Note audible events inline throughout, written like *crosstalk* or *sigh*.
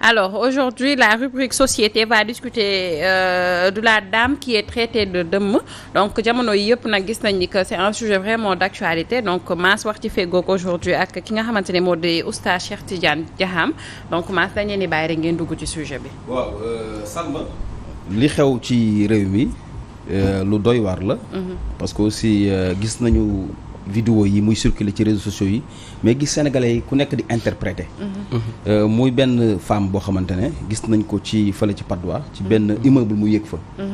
alors aujourd'hui la rubrique société va discuter euh, de la dame ki est traitée de dëmm donc jamono yi yëpp nag gis nañ ni que c'est un sujet vraiment d'actualité donc Mass wax ci feggoog aujourd'hui ak ki nga xamante ne moo de oustaz Cheikh Tidiane Diaham donc Mass dañu leen di bàyyi rek ngeen dugg ci sujet bi. waaw euh, Samba. li xew ci réew mi euh, lu doy war la. Mhm. parce que aussi euh, gis nañu vidéo yi muy surculer ci réseaux sociaux yi. mais gis sénégalais yi ku nekk di interpréter. Mhm. Euh, muy benn femme boo xamante ne gis nañ ko ci fële ci Patte ci benn mhm. immeuble mu yéeg fa. Mhm.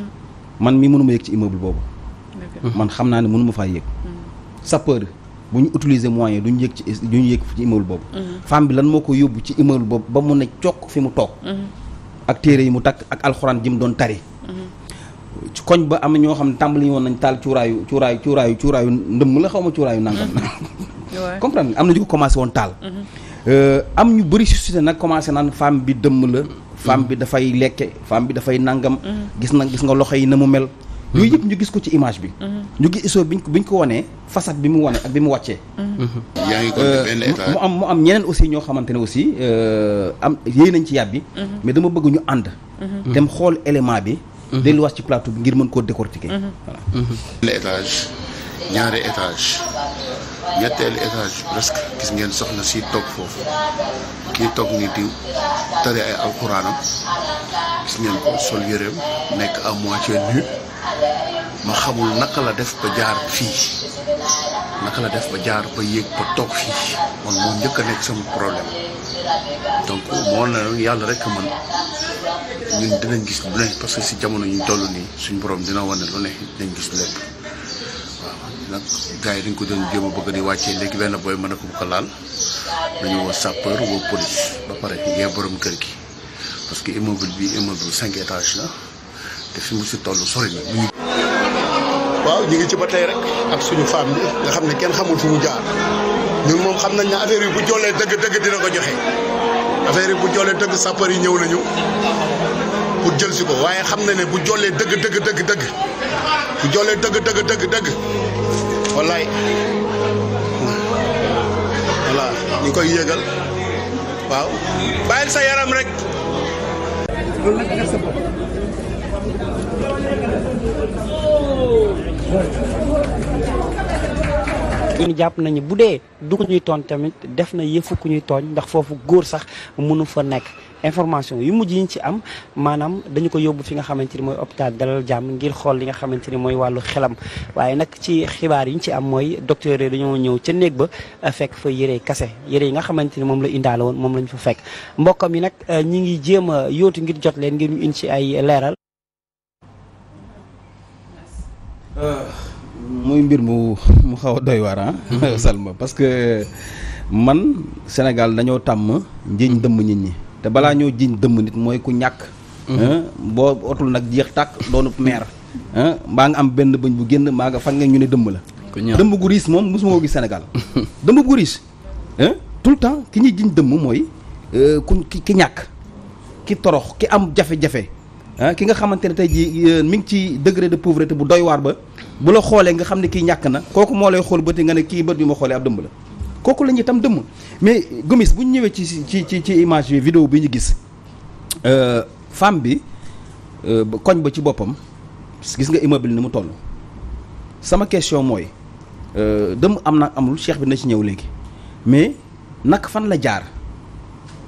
man mi mënuma yéeg ci immeuble boobu. man xam naa ne mënuma faa yéeg. sapeur bu ñu utiliser moyen duñ yéeg ci duñ yéeg ci immeuble boobu. femme bi lan moo ko yóbbu ci immeuble boobu ba mu ne cokk fi mu toog. ak téere yi mu takk ak alxuraan ji mu doon tari. ci koñ ba am na ñoo xam ne tàmbali woon nañ taal cuuraayu cuuraayu cuuraayu cuuraayu ndëmm la xaw ma cuuraayu nangam. *laughs* comprendre am na ñu ko commencé woon taal. Mhm. Euh, am ñu bëri suscité nag commencé naan femme bi dëmm la. femme bi dafay lekke femme bi dafay nangam. Mhm. gis na gis nga loxo yi na mu mel. Mhm. yooyu yëpp ñu gis ko ci image bi. ñu gis iso biñ ko biñ ko wanee façade bi mu wane ak bi mu wàccee. Euh, yaa ngi benn état mu am mu am ñeneen aussi ñoo xamante ne aussi euh, am yéey nañ ci yàbbi. mais dama bëgg ñu ànd. dem xool élément bi. delluwaat ci plateau bi ngir mën koo décortiquer. voilà. benn étage ñaari ñetteelu étage presque gis ngeen soxna si toog foofu kii toog ni diw tare ay alxuraanam gis ngeen ko sol yëreem nekk am à moitié nu ma xamul naka la def ba jaar fii naka la def ba jaar ba yéeg ba toog fii man moo njëkk a nekk sama problème donc moo na yàlla rek man ñun dinañ gis lu ne parce que si jamono ñu toll nii suñu borom dina wane lu ne dinañ gis lépp. nag gars yi dañ ko doon jéem a bëgg di wàccee léegi benn booy mën a ko bu ko laal dañu woo sapeur woo police ba pare yee borom kër gi parce que immeuble bi immeuble cinq étages la te fi mu si toll sori na waaw ñu ngi ci ba tey rek ak suñu femme bi nga xam ne kenn xamul fu mu jaar ñun moom xam nañ ne affaire yi bu jollee dëgg dëgg dina ko joxe affaire yi bu jollee dëgg sapeur yi ñëw nañu pour jël si ko waaye xam na ne bu jollee dëgg dëgg dëgg dëgg bu jollee dëgg wallaay voilà ñu koy yëgal waaw bàyyil sa yaram rek ñun jàpp nañu bu dee du ko ñuy tooñ tamit def na yëfu ku ñuy tooñ ndax foofu góor sax mënu fa nekk information yu mujj yiñ ci am maanaam dañu ko yóbbu fi nga xamante ni mooy hôpital dalal jàmm ngir xool li nga xamante ni mooy wàllu xelam waaye nag ci xibaar yi ñu ci am mooy docteur yi dañoo ñëw ca néeg ba eh, fekk fa yëre kase yëre yi nga xamante ni moom la indaale woon moom lañu fa fekk mbokkam yi nag eh, ñi ngi jéem a yóotu ngir jot leen ngir ñu indi ci ay leeral euh, muy mbir mu mu xaw a doy waar ah. Mm-hmm. *laughs* Salma parce que man Sénégal dañoo tàmm njiñ dëmm nit ñi te balaa ñoo jiñ dëmm nit mooy ku ñàkk. Mm-hmm. Ah, boo otul nag jeex tàkk doonu meer. Ah, mbaa nga am benn bëñ bu génn maa nga fan nga ñu ne dëmm la. dëmb gu riis moom mosuma ko gis Sénégal *laughs* dëmb gu riis ah, tout le temps ki ñuy jiñ dëmm mooy euh, ku ki ñàkk ki torox ki am jafe-jafe ki nga xamante ne tey ji euh, mi ngi ci degré de pouvrité bu doy waar ba bu la xoolee nga xam ne kii ñàkk na kooku moo lay xool bëti nga ne kii bët bi ma xoolee ab dëmb la kooku la ñuy tam dëmm mais gumis bu ñu ñëwee ci ci ci ci image bi vidéo bi ñu gis euh, femme bi euh, koñ ba ci boppam gis nga immeuble ni mu toll sama question mooy euh, dëmm am na amul cheikh bi na ci ñëw léegi mais nag fan la jaar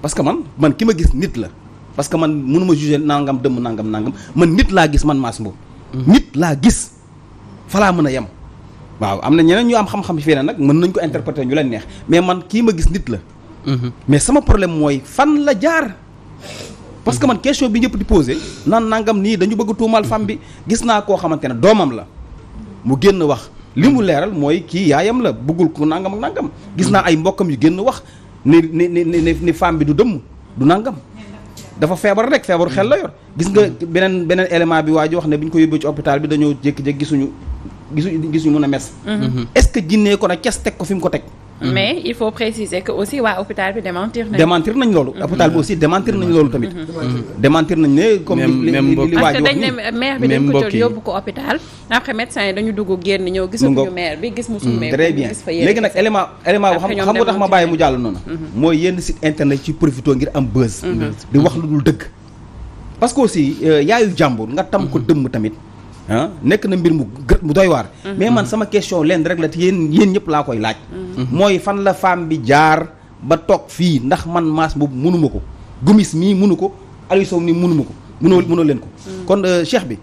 parce que man man ki ma gis nit la parce que man munuma juge nangam dëmm nangam nangam man nit laa gis man maas mboobu mhm. nit laa gis falaa mën a yem waaw am na ñeneen ñu am xam-xam fii nag mën nañ ko interpréter ñu leen neex mais man kii ma gis nit la mhm. mais sama problème mooy fan la jaar parce que man question bi ñëpp di posé naan nangam nii dañu bëgg tuumaal femme bi gis naa koo xamante ne doomam la mu génn wax li mu leeral mooy kii yaayam la bëggul ko nangam ak nangam gis naa ay mbokkam yu génn wax ni ni ni ni femme bi du dëmm du nangam dafa feebar rek feebaru xel la yor gis nga beneen beneen element bi waa ji wax ne bi ñu ko yóbbee ci hôpital bi dañoo jékki-jékki gisuñu gisuñu gisuñu mën a mes mm-hmm. est-ce que jinnee ko na ces teg ko fi mu ko teg Mm-hmm. mais il faut préciser que aussi waa hôpital bi démentir nañu. démentir nañ loolu. Mm-hmm. hôpital bi aussi démentir nañ loolu tamit. Mm-hmm. démentir nañ ne comme li li li waaj wax nii maire bi dañ ko jël yóbbu ko médecin yi dañu dugg génn ñëw gisuñu maire bi gis musu mm. maire bi très bien léegi nag élément élément xam xam nga tax ma bàyyi mu jàll noonu. mooy yenn site internet ci profité ngir am buzz. di wax lu dul dëgg. parce que aussi euh, yaayu jàmbur nga tam ko dëmm tamit. Ah, nekk na mbir mu gë mu doy waar. Mhm. mais man sama question leen rek la te yéen yéen ñëpp laa koy laaj. Mhm. mooy fan la femme bi jaar ba toog fii ndax man maas boobu mënuma ko gumis mii munu ko Aliou Sow nii mënuma ko mënoo mënoo leen ko. Mhm. kon euh, cheikh bi.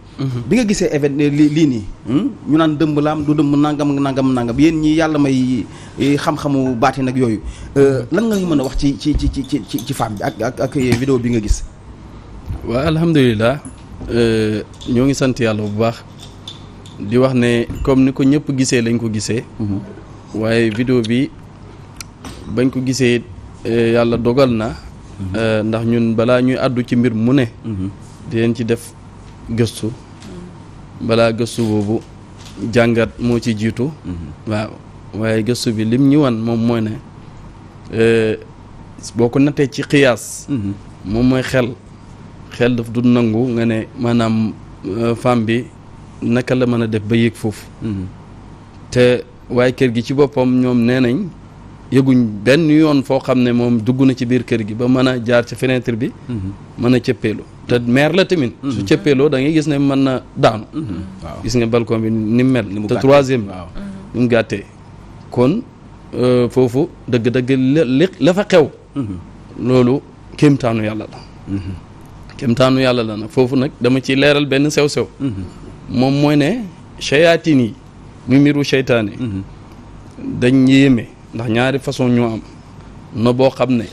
bi nga gisee événement euh, li lii nii. Hmm? ñu naan dëmb laam du dëmb nangam nangam nangam yéen ñi yàlla may eh, xam-xamu baati nag yooyu euh, lan nga mën a wax ci ci ci ci ci ci femme bi ak ak ak vidéo bi nga gis. waaw alhamdulilah. Euh, ñoo ngi sant yàlla bu baax di wax ne comme ni ko ñëpp gisee lañ ko gisee. Mhm. waaye vidéo bi bañ ko gisee euh, yàlla dogal na. Mhm. Euh, ndax ñun balaa ñuy àddu ci mbir mu ne. Mhm. di leen ci def gëstu. balaa gëstu boobu jàngat moo ci jiitu. gëstu bi lim ñu wan moom mooy ne boo ko nattee ci xiyaas. moom mooy xel. xel daf du nangu nga ne maanaam euh, femme bi naka la mën a def ba yëg foofu mm-hmm. te waaye kër gi ci boppam ñoom nee nañ yëguñ benn yoon foo xam ne moom dugg na ci biir kër gi ba mën a jaar ci fenêtre bi mm-hmm. mën a cëppeelu te meer la tamit mm-hmm. su cëppeeloo da ngay gis ne mën na daanu gis nga balcon bi ni mu mel te troisième bi ni mu gàttee kon euh, foofu dëgg-dëgg li la fa xew loolu kéemtaanu yàlla la kemtaanu yàlla la nag foofu nag dama ci leeral benn sew-sew mm-hmm. moom mooy ne shayatin yi mu miru seytaane mm-hmm. dañ yéeme ndax ñaari façon ñoo am na boo xam ne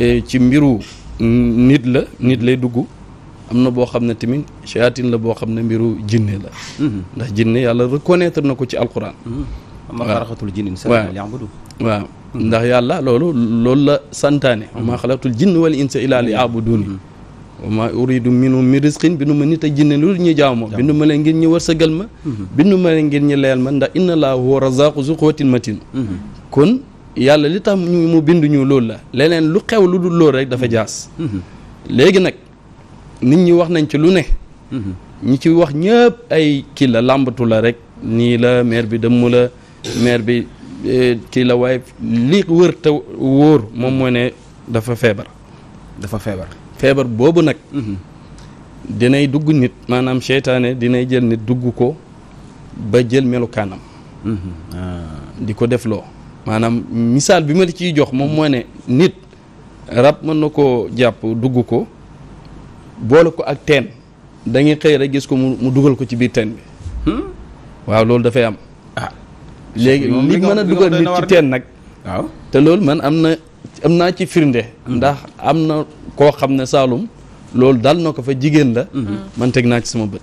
e, ci mbiru nit la nit lay dugg am na boo xam ne tamit shayatin la boo xam ne mbiru jinne la mm-hmm. ndax jinne yàlla reconnaître na ko ci alquran ma xalaqatul jinni waaw ndax yàlla loolu loolu la santaane ma xalaqatul jinn wal insa illa li abuduni ma uridu minhum min rizqin bindu ma nit a jinne lu ñu jaamu bindu ma leen ngir ñu wërsëgal ma mhm. bindu ma leen ngir ñu leyal ma ndax inna laa a razaqu zu quwwatin matin mhm. kon yàlla li tax mu bind ñu loolu la leneen lu xew lu dul loolu rek dafa mhm. jaas léegi nag nit ñi wax nañ ci lu ne ñi ci wax ñëpp ay kii la làmbatu la rek nii la maire bi dëmm la maire bi e, kii la waaye li wër te wóor moom moo ne dafa feebar dafa feebar feebar boobu nag mhm. dinay dugg nit maanaam seytaane dinay jël nit dugg ko ba jël kaanam mhm. ah. di ko def loo maanaam misaal bi ma la ciy jox moom moo ne nit rab mën na ko jàpp dugg ko boole ko ak teen da ngay xëy rek gis ko mu dugal ko ci biir teen bi hmm? waaw loolu dafay am ah. léegi li mën a dugal nit ci teen nag waaw te loolu man am na am naa ci firnde mhm. ndax am na koo xam ne Saalum loolu dal na ko fa jigéen la mhm. man teg naa ci sama bët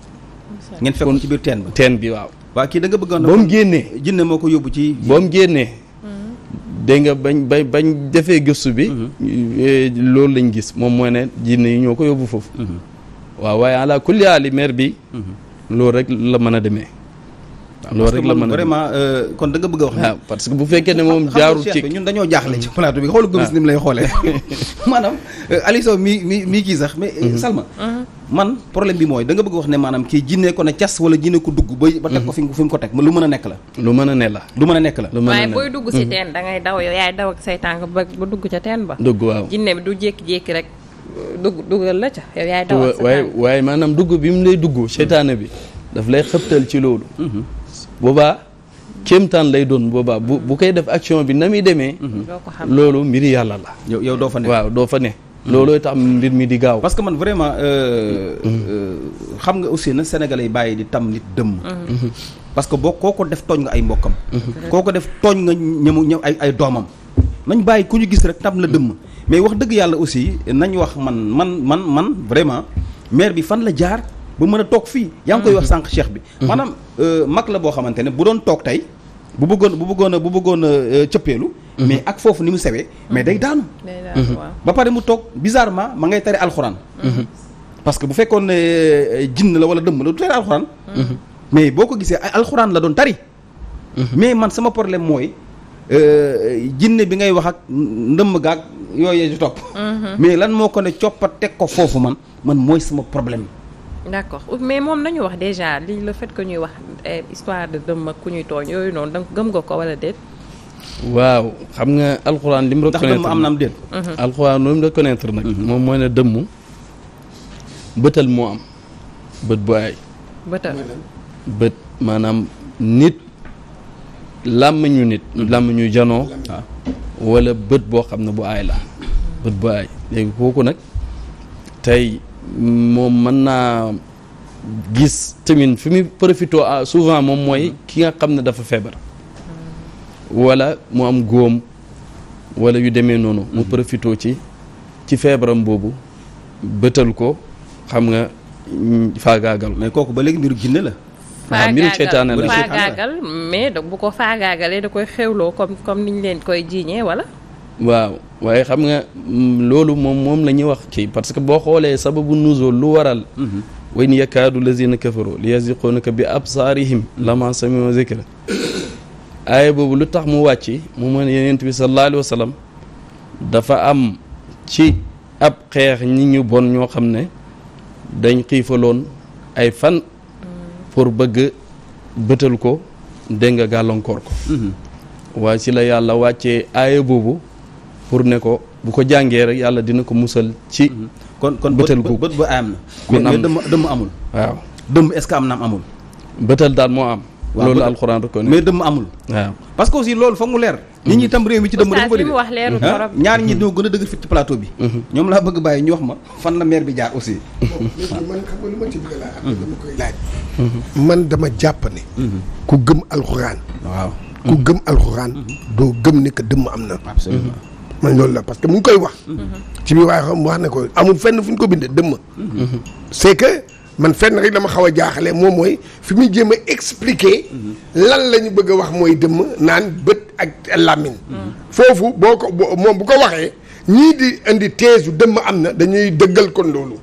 ngeen fekkoon ci biir teen ba teen bi waaw waa kii da nga bëggoon ba mu génnee jinne moo ko yóbbu ci ba mu génnee mhm. dégg nga bañ bañ bañ defee gëstu bi eh, loolu lañ gis moom mooy ne jinne yi ñoo ko yóbbu foofu waaw waaye ala kulli haal maire bi loolu rek la mën a demee loolu rek la a vraiment euh, kon da nga wax. waaw ah, parce que bu fekkee ne moom jaarul ci ñun dañoo jaaxle ci ah. plateau bi xoolu gomis ah. ni mu lay xoolee *laughs* maanaam euh, Aliou Sow mi mi mii kii sax mais euh, mhm. Salma mhm. man problème bi mooy da nga bëgg wax ne maanaam kii jinne ko ne wala jinne dugg ba ba ko mhm. fi fi lu mën a nekk la a ne la lu a nekk la waaye booy dugg si teen da ngay daw yow yaay daw ak say tànk ba teen ba dugg waaw jinne bi du jékki-jékki rek dugg duggal la ca yow waaye waaye maanaam dugg bi mu lay dugg seytaane bi daf lay xëptal ci loolu boobaa kéemtaan lay doon boobaa bu bu koy def action bi na muy demee. Mhm. loolu mbiri yàlla la. yow yow doo fa ne doo fa ne. Mhm. loolooy tam mbir mi di gaaw. parce que man vraiment euh, mhm. euh, xam nga aussi na Sénégalais yi bàyyi di tam nit dëmm. parce que boo koo ko def tooñ nga ay mbokkam. koo ko def tooñ nga ñamu ñëw ay ay doomam. nañ bàyyi ku ñu gis rek tam la dëmm. mais wax dëgg yàlla aussi nañ wax man man man man vraiment maire bi fan la jaar. ba mën a toog fii yaa ngi koy wax mhm. sànq cheikh bi mhm. maanaam euh, mag la boo xamante ne bu doon toog tey bu bëggoon bu bëggoon a bu bëggoon a euh, cëppeelu mhm. mais ak foofu ni mu sewee mais day daanu ba pare mu toog bizarrement ma ngay tari alxuraan parce que bu fekkoon ne euh, jinn la wala dëmm mais boo ko gisee ay alxuraan la doon tari mais man sama problème mooy jinne bi ngay wax ak ndëmm gaag yooyee di topp mais lan moo ko ne coppa teg ko foofu man man mooy sama problème d'accord mais moom nañu wax déjà li la fait que ñuy wax eh, histoire de dëmm ak ku ñuy tooñ yooyu noonu donc gëm nga ko wala déet. waaw xam nga alxuraan li mu reconnaître am na am déet. Mhm. alxuraan li mu reconnaître nag. Mhm. moom mooy ne dëmm bëtal moo am bët bu aay. bëtal bët maanaam nit làmmiñu nit. Mhm. làmmiñu janoo. wala bët boo xam ne bu ay la bët bu aay léegi kooku nag tey. moom mën naa gis tamit fi muy profité ah, souvent moom mooy ki nga xam ne dafa feebar wala mu am góom wala yu demee noonu mu profité ci ci feebaram boobu bëtal ko xam nga mm, faagaagal mais kooku ba léegi mbiru jinne la waaw ah, mbiru seytaane la faagaagal mais bu ko faagaagalee da koy xewloo comme comme niñ leen koy jiiñee wala waaw waaye xam nga mm, loolu moom moom la ñuy wax ci parce que boo xoolee sababu nuzul lu waral mhm. wa in yakaadu lazina kafaru li yasiqunaka bi absaarihim lama samiu zikra aaya boobu lu tax mu wàcc mu mën yonent bi sallallahu alayhi dafa am ci ab xeex ñi ñu bon ñoo xam ne dañ xiifaloon ay fan pour bëgg bëtal ko dégg nga gàllankoor ko mhm. waaye si la yàlla wàccee aaya boobu pour ne ko bu ko jàngee rek yàlla dina ko musal ci mhm. kon kon bëtal bu bët bu am na mais dëmm dëmm amul waaw est-ce que am naam amul bëtal daal moo am loolu alxuraan rek ko mais dëmm amul waaw parce que loolu foog mu leer nit ñi mhm. tam réew mi ci dëmm dafa bëri mhm. ñaar ñi ñoo gën a dëgg fit ci plateau bi ñoom laa bëgg bàyyi ñu wax ma fan la maire bi jaar aussi dama koy laaj alxuraan waaw ku gëm alxuraan am na man loolu la parce que mu ngi koy wax. Mhm. ci biir waaye xam wax ne ko amul fenn fu ñu ko bindee dëmm. Mhm. c'est que man fenn rek dama xaw a jaaxale moom mooy fi muy jéem expliquer. Mhm. lan la ñu bëgg a wax mooy dëmm naan bët ak làmmiñ. foofu boo ko moom bu ko waxee ñii di indi thèse yu dëmm am na dañuy dëggal kon loolu.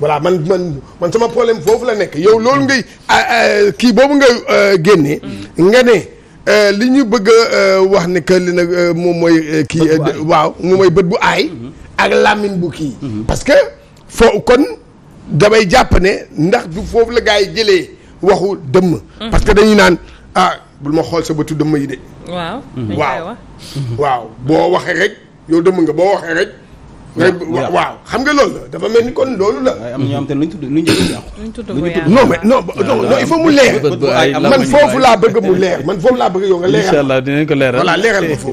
voilà man man man sama problème foofu la nekk yow loolu ngay ah, ah, kii boobu nga euh, génnee. nga ne. Euh, li ñu bëgg a euh, wax ni que li nag euh, moom mooy. kii waaw moom mooy bët bu aay. Mhm. ak làmmiñ bu kii. Mhm. parce que foo kon damay jàpp ne ndax du foofu la gars yi jëlee waxu dëmm. Mhm. parce que dañuy naan ah bul ma xool sa bëtu dëmm yi de. waaw waaw boo waxee rek yow dëmm nga boo waxee rek. waaw xam nga loolu la dafa mel ni kon loolu la. am na ñoo xam te ne luñ tudd luñ tudd ko yàqu. non mais non non il faut mu leer. man foofu laa bëgg mu leer man foofu laa bëgg yow nga leeral. incha allah dinañ ko leeral voilà leeral ko foofu.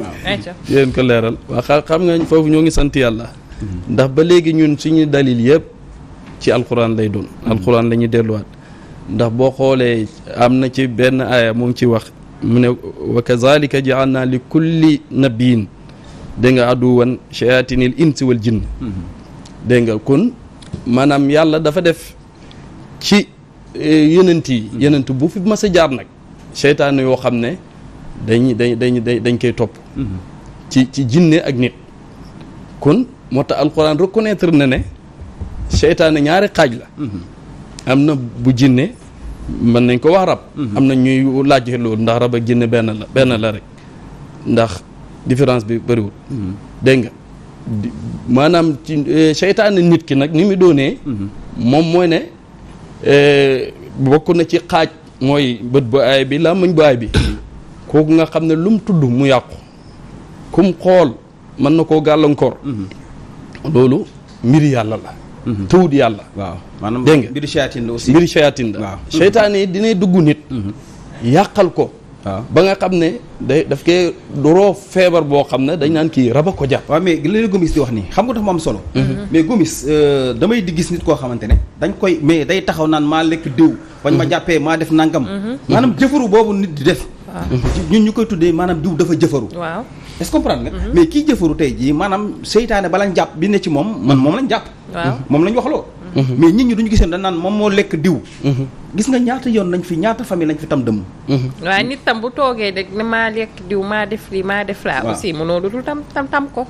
dinañ ko leeral waaw xam nga foofu ñoo ngi sant yàlla. ndax ba léegi ñun suñu dalil yëpp ci alquran lay doon. alquran la ñuy delluwaat ndax boo xoolee am na ci benn aaya mu ngi ci wax mu ne wa kazalika jaalna li kulli nabiyin dégg nga aduwan shayatinil insiwal wal jinn nga kon maanaam yàlla dafa def ci eh, yenent yi hmm. yenent bu fi mas a jaar nag seytaane yoo xam ne dañ dañ dañ dañ koy topp hmm. ci ci jinne ak nit kon moo tax alxuraan reconnaître na ne seytaane ñaari xaaj la hmm. am na bu jinne mën nañ ko wax rab am na ñuy laajee loolu ndax rab ak jinne benn la benn la rek ndax différence bi bëriwul. Mhm. dégg nga maanaam ci eh, seytaane nit ki nag ni mu doonee. Mhm. moom mooy ne eh, bokk na ci xaaj mooy bët bu aay bi làmmiñ bu aay bi mhm. kooku nga xam ne lu mu tudd mu yàqu kum xool mën na koo gàllankoor. loolu mbiri yàlla la. tuut yàlla. waaw maanaam mbiri seytaane la aussi mbiri seytaane dina dugg nit. yàqal ko. waaw ba nga xam ne day daf koy roo feebar boo xam ne dañ naan kii raba ko jàpp. waaw mais li la Gomis di wax nii xam nga tax mu am solo. Mhm. mais Gomis euh, damay di gis nit koo xamante ne dañ koy mais day taxaw naan maa lekk diw. bañ ma mhm. jàppee maa def nangam. Mhm. maanaam jëfaru boobu nit di def. ñun ñu koy tuddee maanaam diw dafa jëfaru. waaw est-ce que comprendre nga. mais kii jëfaru tey jii maanaam seytaane bala ñu jàpp bi ne ci moom man moom lañ jàpp. moom lañ waxloo. Mhm. mais nit ñi duñu gisee dañ naan moom moo lekk diw. Mhm. gis nga ñaata yoon nañ fi ñaata famille nañ fi tam dëmm. Mhm. waaye nit tam bu toogee rek ne maa lekk diw maa def lii maa def laa. aussi mënoo dul tam tam tam ko.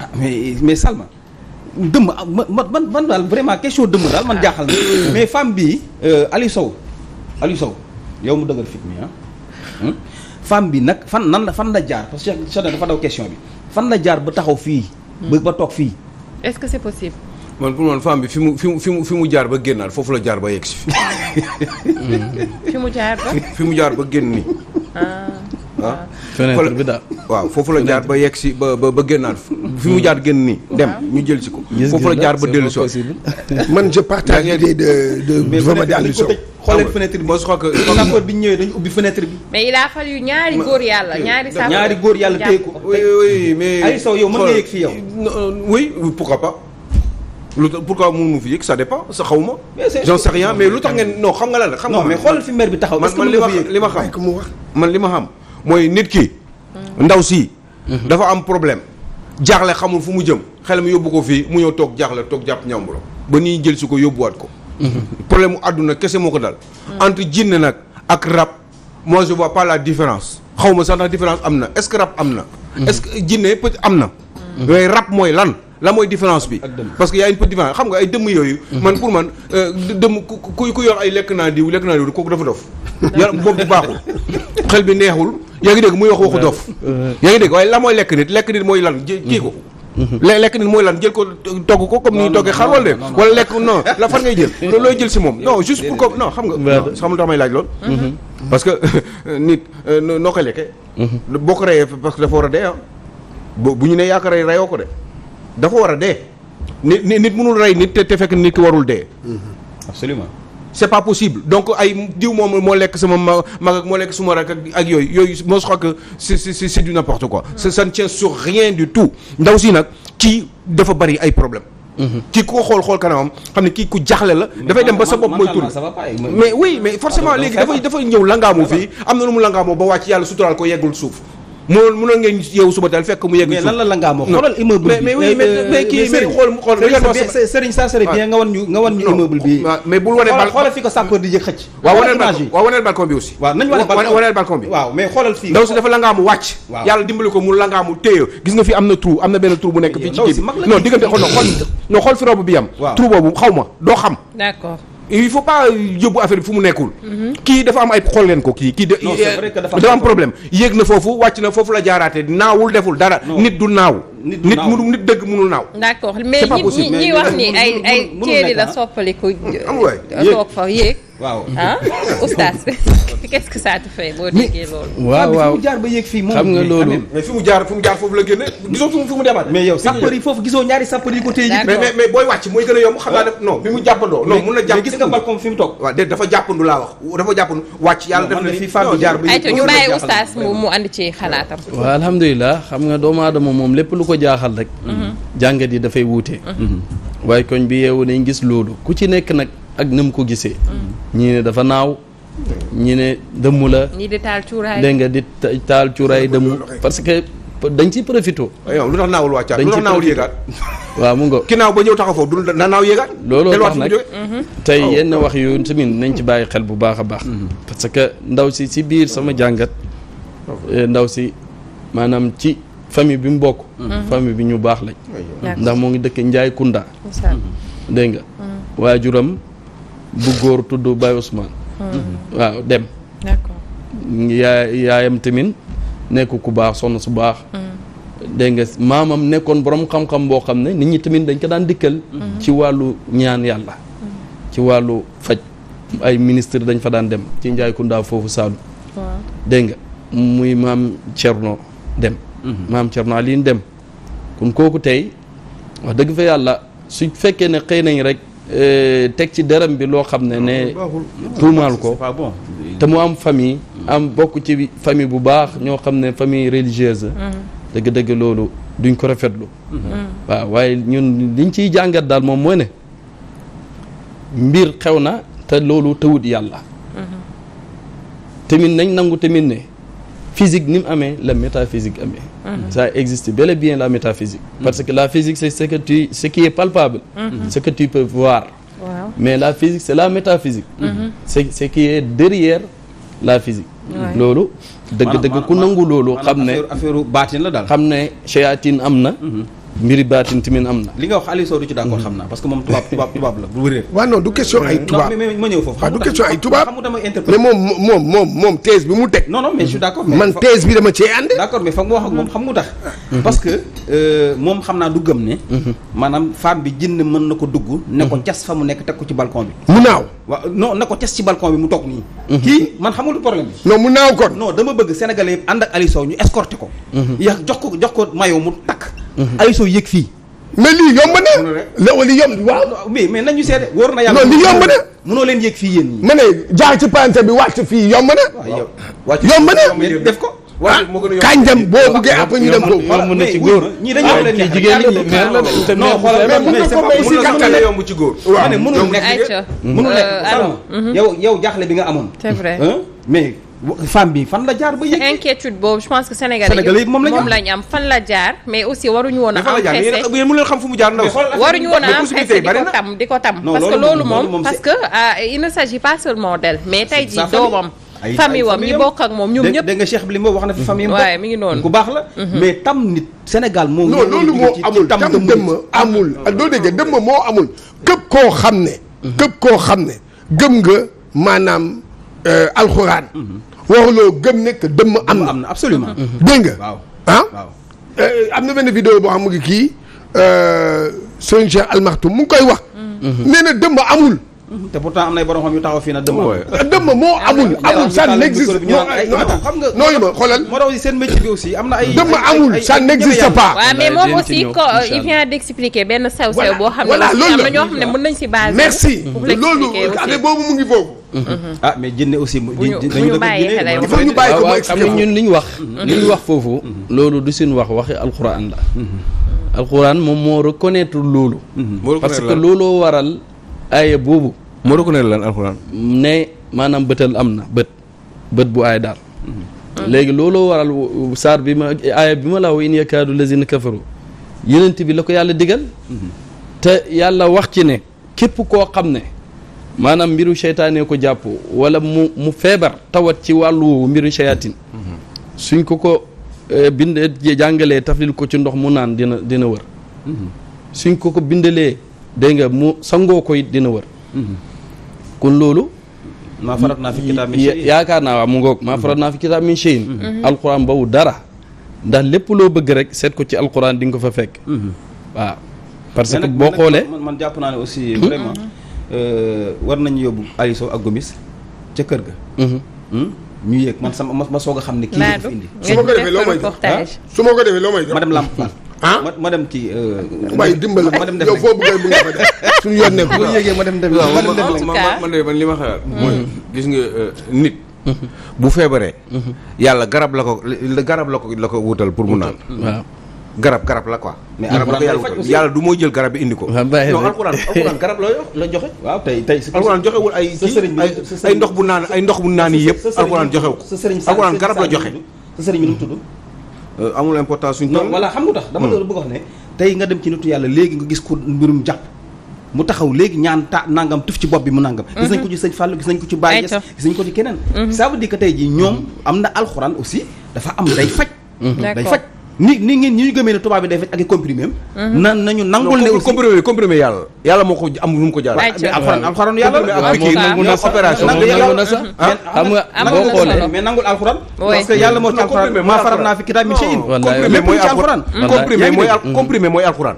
Ah, mais mais Salma dëmm ah, ma man man daal vraiment question dëmm daal man jaaxal na *coughs* mais femme bii euh, Aliou Sow yow mu dëgër fit mi ah. Hmm? bi nag fan nan la fan la jaar parce que Cheikh dafa daw question bi fan la jaar ba taxaw fii. Hmm. ba toog fii. est-ce que c'est man pour man femme bi fi mu fi mu fi mu jaar ba génnaat foofu la jaar ba yegg fi mu jaar ba. fi mu jaar ba génn ah. Ah. waaw foofu la jaar ba yegg si ba ba génnaat fi mu jaar génn nii dem ñu jël si ko foofu la jaar ba dellu soo *laughs* man je partage l'idée de de Mohamed Aliou Sow xooleen fenêtre bi je crois que sapeur bi ubbi fenêtre a fallu ñaari góor yàlla eh, ñaari sapeur ñaari góor yàlla téye ko oui oui mais Aliou Sow yow mën nga yegg fii yow euh, oui lu tax pourquoi mënu fi yëg ça dépend sa xaw ma. j'en sais lu tax ngeen non xam nga lan la. xam nga mais xool fi maire bi taxaw est-ce que man li ma xam man li ma xam mooy nit ki. ndaw si. Mhm. dafa am problème. jaaxle xamul fu mu jëm ma yóbbu ko fii mu ñëw toog jaaxle toog jàpp ñàmbur ba nii jël si ko yóbbuwaat ko. Mhm. problème mu àdduna kese moo ko dal. Mhm. entre jinne nag ak rab. moi je vois pas la différence. xaw ma sax ndax différence am na est-ce am na. est que jinne peut am na. mais rab mooy lan. la mooy différence bi parce que y a une petite différence xam nga ay dëmm yooyu man pour man euh, dëmm ku ku yor ay lekk naa diw lekk naa diw kooku dafa dof yaram boobu baaxul xel bi neexul yaa ngi dégg muy wax waxu dof yaa ngi dégg waaye la mooy lekk nit lekk nit mooy lan kii ko mm-hmm. lekk nit mooy lan jël ko togg ko comme ni ñuy toggee xar wala de wala lekk non la fan ngay jël loolu looy jël si moom non juste pour comme non xam nga xam nga tax may laaj lool mm-hmm. parce que *laughs* nit euh, noo koy mm-hmm. boo ko reyee parce que dafa war a ah. bu ñu ne yaa ko rey reyoo dafa war a dee. nit nit mënul rey nit te te fekk nit ki warul dee. absolument. c'est pas possible donc ay diw moom moo lekk sama mag ak moo lekk suma rak ak yooyu yooyu moo je crois que c'est c'est c'est du n'importe quoi. ça ne tient sur rien du tout. ndaw si nag ci dafa bari ay problème kii ku ko xool xool kanamam xam ne kii ku jaaxle la. dafay dem ba sa bopp mooy tur mais oui mais forcément léegi dafay dafay ñëw langaamu fii am na lu mu langaamoo ba wàcc yàlla suturaal ko yeggul suuf. mënoon mënoon ngeen yeewu suba daal fekk mu yegg. mais lan la la xoolal immeuble mais oui mais kii bi aussi waaw nañ waneel balcon bi waaw mais xoolal fii dafa langaamu wàcc yàlla dimbali ko mu langaamu téye gis nga fi am na trou am na benn trou bu nekk fii ci kii non diggante xool non xool fi rob bi yam trou boobu xaw ma doo xam il faut pas yóbbu affaire bi fu mu nekkul. Mhm. kii dafa am ay xool leen ko kii kii de. dafa am problème yéeg na foofu wàcc na foofu la jaaraatee naawul deful dara. nit du naaw. nit mënul nit dëgg mënul naaw. d'accord mais ñi ñi wax ni ay ay téeri la ah. soppaliku. am waay euh, yéeg waaw ah oustaz *laughs* qu'est-ce loolu. waaw mu jaar ba yéeg fii moom. nga loolu mais fi mu jaar fi mu jaar foofu la génne gisoo fi mu demaat. mais yow sapeur yi foofu gisoo ñaari sapeur yi ko téye. mais mais booy wàcc mooy gën a yomb xam naa ne ah. non. bi mu jàppandoo non mun na jàpp gis nga balcon fi mu toog. waaw déet dafa jàppandu laa yàlla def na fii femme bi jaar ba yéeg. ñu bàyyi oustaz mu mu andi ci xalaatam. waaw alhamdulilah xam nga doomu aadama moom lépp lu ko jaaxal rek. Mhm. jàngat yi dafay wuute. Mhm. Mhm. waaye koñ bi yeewu nañ gis loolu ku ci nekk nag ak na mu ko gisee. ñii ne dafa naaw. ñii ne dëmm la. ñii di taal cuuraay dégg nga di taal cuuraay dëmm parce que dañ ciy profité. yow lu tax naawul wàccaat lu tax naawul yéegaat. *laughs* waaw mu ngoog ki naaw ba ñëw taxaw foofu na naaw yéegaat. looloo tax nag mhm. tey oh. yenn wax yu tamit nañ ci bàyyi xel bu baax a baax. Mhm. parce que ndaw si si biir sama jàngat. Eh, ndaw si maanaam ci. famille bi mu bokk. Mhm. famille bi ñu baax lañ. ndax moo ngi dëkk Njaay Kunda. dégg nga waajuram. bu góor tudd Baye Ousmane. Hmm. waaw dem. yaayam tamit nekk ku baax sonn su baax. Hmm. dégg nga maamam nekkoon boroom xam-xam boo xam ne nit ñi tamit dañ ko daan dikkal. Hmm. ci wàllu ñaan yàlla. ci wàllu faj ay ministre dañ fa daan dem ci Njaay Kunda foofu Saalum. waaw muy maam Thierno dem. maam Thierno Alioune dem kon kooku tey wax dëgg fa yàlla su fekkee ne xëy nañ rek. Euh, teg ci dërëm bi loo xam ne ne tuumaal ko te mu am famille am bokk ci famille bu baax ñoo xam ne famille religieuse mm-hmm. dëgg-dëgg loolu duñ ko rafetlu mm-hmm. waaw waaye ñun liñ ciy jàngat daal moom mooy ne mbir xew na te loolu tawut yàlla mm-hmm. tamit nañ nangu tamit ne physique ni mu amee la métaphysique amee mhm. ça existe bel et bien la métaphysique mhm. parce que la physique c'est ce que tu ce qui est palpable mhm. ce que tu peux mais la physique c'est la métaphysique c'est ce qui est derrière la physique loolu dëgg-dëgg ku nangu loolu xam ne affaire baatin la daal xam ne shayatin am na mbiri baatin tamit am na. li nga wax Aliou Sow du ci d'accord xam naa parce que moom tubaab tubaab la bu wéree. waaw non du question ay tubaab ma ñëw foofu. waaw mu teg. man mm-hmm. que euh, moom xam naa du gëm ne. Mm-hmm. maanaam femme bi jinn mën na ko dugg. ne ko mm-hmm. cas mu nekk teg ko ci balcon bi. mu naaw. waaw non ne ko cas ci bi mu toog nii. kii man xamul problème bi. non mu naaw kon. non dama bëgg sénégalais yëpp ànd ak Aliou ko. ya jox ko jox ko mayo mu takk ay soo yëg fii. mais lii yomb na. loolu li yomb waaw. mais mais nañu seede wóor na yàlla. non li yomb na. mënoo leen yëg fii yéen ñi. ma ne jaar ci pante bi wàcc fii yomb na. yomb na def ko. ah kañ dem boo buggee après ñu dem ko. voilà mais góor ah, leen neex jigéen ñi te non xoolal mais mën ko may si kattan la yomb ci góor. waaw mënul nekk mënul nekk mm-hmm. yow jaaxle bi nga amoon. c'est vrai femme bi fan la jaar ba yëg. inquiétude boobu je pense que sénégalais moom la ñu am fan la jaar mais aussi waruñu woon a. empêché yéen mu leen xam fu mu jaar ndaw waruñu woon a empêché di ko tam di ko tam. parce que loolu moom parce que ah, il ne s'agit pas seulement mais tey jii doomam. ay wam ñi bokk ak moom ñoom ñëpp dégg nga Cheikh bi li ma wax na fi famille am waaye mi ngi noonu ku baax la mhm. mais tam nit Sénégal moom non loolu moo amul tam dëmm amul ah. doo dégg dëmm moo amul koo xam ne mhm. képp koo xam ne gëm nga maanaam Euh, alxuraan. waruloo gëm ne que dëmm am na. am na absolument. dégg nga. waaw ah? euh, am na benn vidéo boo xam ne kii euh, sëñ Cheikh Almakhtoum mu ngi koy wax. Mhm. nee na dëmm amul. Mhm. te am na ay borom xam yu taxaw fii nag dëmm amul. dëmm moo ah, amul amul ça n'existe xam nga nooyu ma xoolal. moo tax seen métier bi am na ay. dëmm amul ça n'existe pas. waaw mais moom aussi ko il vient d'expliquer benn sew sew. boo xam ne am na ñoo xam mën nañ si base. pour l'expliquer aussi merci loolu année boobu mu ngi foofu. Mm-hmm. ah mais jinne aussi. bu ñu bu ñu bàyyi xelay wax ñu bàyyi ko mu expliqué waaw ñun li ñu wax. li ñu wax foofu. Mm-hmm. loolu du suñu wax waxi alxuraan la. Mm-hmm. alxuraan moom moo reconnaître loolu. parce que looloo waral aaya boobu. moo reconnaître lan alxuraan. ne maanaam bëtal am na bët bët bu aay daal. léegi looloo waral saar bi ma aaya bi ma la wa in yakaadu lazina kafaru yonent bi la ko yàlla digal. te yàlla wax ci ne képp koo xam ne. maanaam mbiru seytaanee ko jàpp wala mu mu feebar tawat ci wàllu woowu mbiru seyaatin suñ ko ko eh, bindee jàngalee taflil ko ci ndox mu naan dina dina wër suñ ko ko bindalee dégg nga mu sangoo ko dina wër kon loolu maa farat naa fi kitaab min shay'in yaakaar naa waaw mu ngoog maa farat naa fi kitaab min shay'in alquran bawu dara ndax lépp loo bëgg rek seet ko ci alquran di nga ko fa fekk mhm. waaw parce que boo xoolee man jàpp naa ne aussi hmm? vraiment mhm. war nañu yóbbu Aliou Sow ak Gomis ca kër ga. ñu yéeg man sama ma soog a xam ne. kii la ko fi indi su ma ko defee loo may jox su ma ko defee loo may jox ma ma dem kii. waaye dimbali ma dem def yow foo bëggee bu ma dem def ma dem def ma ma man li ma xalaat. mooy gis nga nit. bu feebaree. yàlla garab la ko garab la ko la ko wutal pour mu naan. waaw. garab garab la quoi. mais hmm. arab la ko yàlla wutal yàlla du moo jël garab bi indi ko. non alxuraan alxuraan garab la la joxe. waaw tey tey alxuraan joxewul ay ay ndox bu naan ay ndox bu naan yi yëpp. alxuraan joxewu ko alxuraan garab la joxe. sa sëriñ bi nu mu tudd. Euh, amul importance suñu tool voilà xam nga tax dama doon hmm. wax ne. tey nga dem ci nitu yàlla léegi nga gis ko mbirum jàpp. mu taxaw léegi ñaan ta nangam tuf ci bopp bi mu nangam. gis nañ ko mhm. ci sëñ Fallou gis nañ ko ci Baye Niass gis nañ ko ci keneen. Mhm. ça veut dire tey jii ñoom hmm. am na alxuraan aussi dafa am day faj. day faj ni ni ngeen ñi ñu gëmee ne tubaab bi day faj ak i comprimé am mhm. na nañu nangul ne comprimé comprimé yàlla yàlla moo ko am nu mu ko jaar alxuraan alxuraan yàlla la ah, opération nangu na sax xam nga boo xoolee mais nangul alxuraan parce que yàlla moo ci alxuraan maa faram naa fi kitaab mi shay'in comprimé mooy alxuraan comprimé mooy comprimé mooy alxuraan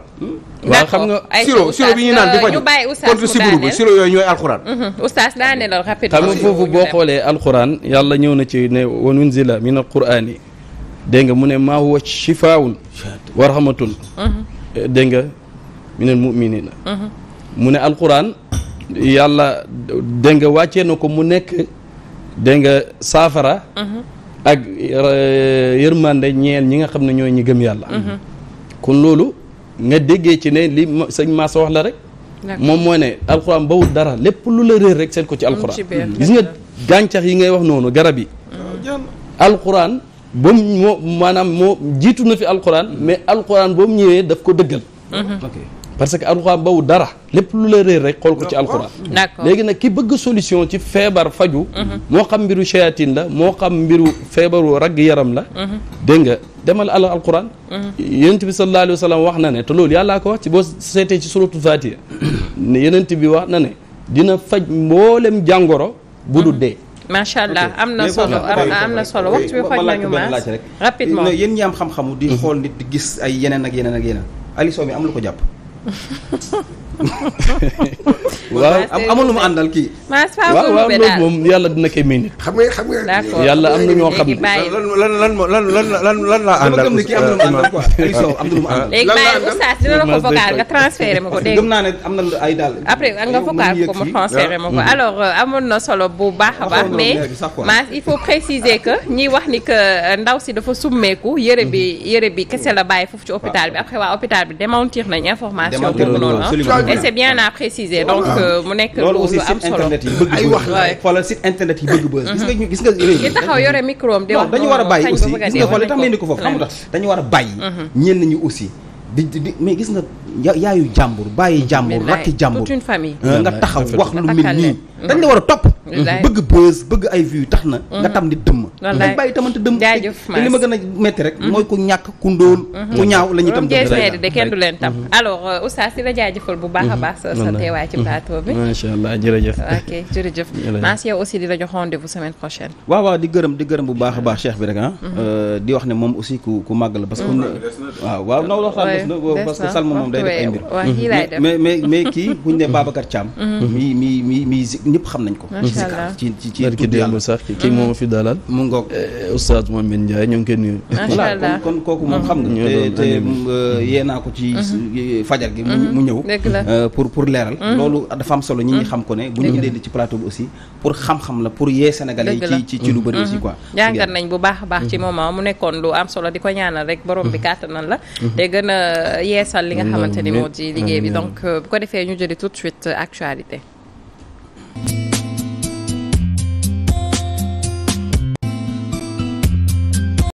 waaw xam nga siro siro bi ñu naan euh, di faj contre siburu bi siro yooyu ñooy alxuraan mm-hmm. oustaz daaneel rapidement xam nga foofu boo xoolee alxuraan yàlla ñëw na ci ne wa unzila min alquraan dégg nga mu ne maa huwa shifaawun wa rahmatun mhm. dégg nga minal muminina mu ne alquran yàlla dégg nga wàccee na ko mu nekk dégg nga saafara mhm. ak euh, yërmande ñeel ñi nga xam ne ñoo ñi gëm yàlla mhm. kon loolu nga déggee ci ne li sëñ Massa wax la rek moom moo ne alquran bawul dara lépp lu la réer rek seet ko ci alquran gis nga gàncax yi ngay wax noonu garab yi alquran ba moo maanaam moo jiitu na fi alquran mais alquran boobu ñëwee daf ko dëggal. Mm-hmm. ok parce que alquran bawu dara lépp lu la réer rek xool ko ci alquran. d'accord léegi nag ki bëgg solution ci feebar faju mm-hmm. moo xam mbiru shayatin la moo xam mbiru feebaru ragg yaram la. Mm-hmm. dégg nga demal al alquran. yonent bi sallallahu wax na ne te loolu yàllaa ko wax ci boo seetee ci suratu Fatiha ne yonent bi wax na ne dina faj mboolem jàngoro. bu du dee. macha allah am na solo am na solo waxtu bi xoj nañu ma rapidement yéen ñi am xam-xamu di mhm. xool nit di gis ay yeneen ak yeneen ak yeneen Aliou Sow mi am lu ko jàpp *laughs* waaw amul lu mu àndal moom yàlla dina koy may xam nga xam nga. d'accord yàlla am na ñoo xam lan lan lan lan la ko vocal nga ma ko dégg gëm naa ne am na ay daal. après nga vocal ko ma euh, amoon na solo bu baax a baax. mais Mass il faut préciser que ñiy wax ni que euh, ndaw si dafa summeeku yëre bi mhm. yëre bi kese la bàyyi foofu ci hôpital bi après waa hôpital bi démentir nañ information boobu noonu et c'est bien à préciser donc euh, mu nekk loolu euh, aussi site internet yi bëgg ay wax xoolal site internet yi bëgg bës gis nga gis nga réew yi taxaw yore micro di wax dañu war a bàyyi gis nga xool tax ma indi ko foofu xam nga tax dañu war a bàyyi mhm. ñenn ñi aussi di di mais gis nga yaayu jàmbur bàyyi jàmbur rakki jàmbur toute une famille nga taxaw wax lu mel nii dañ la war a topp bëgg bës bëgg ay vues tax na nga mhm. tam nit dëmm dañ bàyyi tamante dëmm a metti mhm. ku ñàkk ku ndóol mhm. ku ñaaw la ñuy tam dëmm de kenn du leen tam alors euh, oustaz di bu baax a baax sa sa teewaay ci plateau bi macha allah jërëjëf ok jërëjëf Mass yow aussi di la jox rendez-vous semaine prochaine waaw di gërëm di gërëm bu baax a baax cheikh bi rek ah euh, di wax ne moom aussi ku ku màgg la parce que waaw waaw naw waxtaan des na parce salma moom lay def ay mbir mais mais mais kii buñ ne Babacar Thiam mhm. mi mi mi mi ñëpp xam nañ ko sikar ci kii moom fi dalal mu ngoog eh, oustaz Mohamed Ndiaye ñoo ngi koy nuyu voilà kon kooku moom mhm. xam nga te mm, euh, yee naa ko ci mhm. fajar gi mu ñëw euh, pour pour leeral loolu dafa am solo ñi ñi xam ko ne bu ñu leen di ci plateau bi aussi pour xam-xam la pour yee sénégalais yi ci ci lu bëri aussi quoi jàngat nañ bu baax a baax ci a mu nekkoon lu am solo di ko ñaanal rek borom bi kàttanal a xamante ni moo di liggéey bi donc bu ko defee ñu jëli tout de suite euh, actualité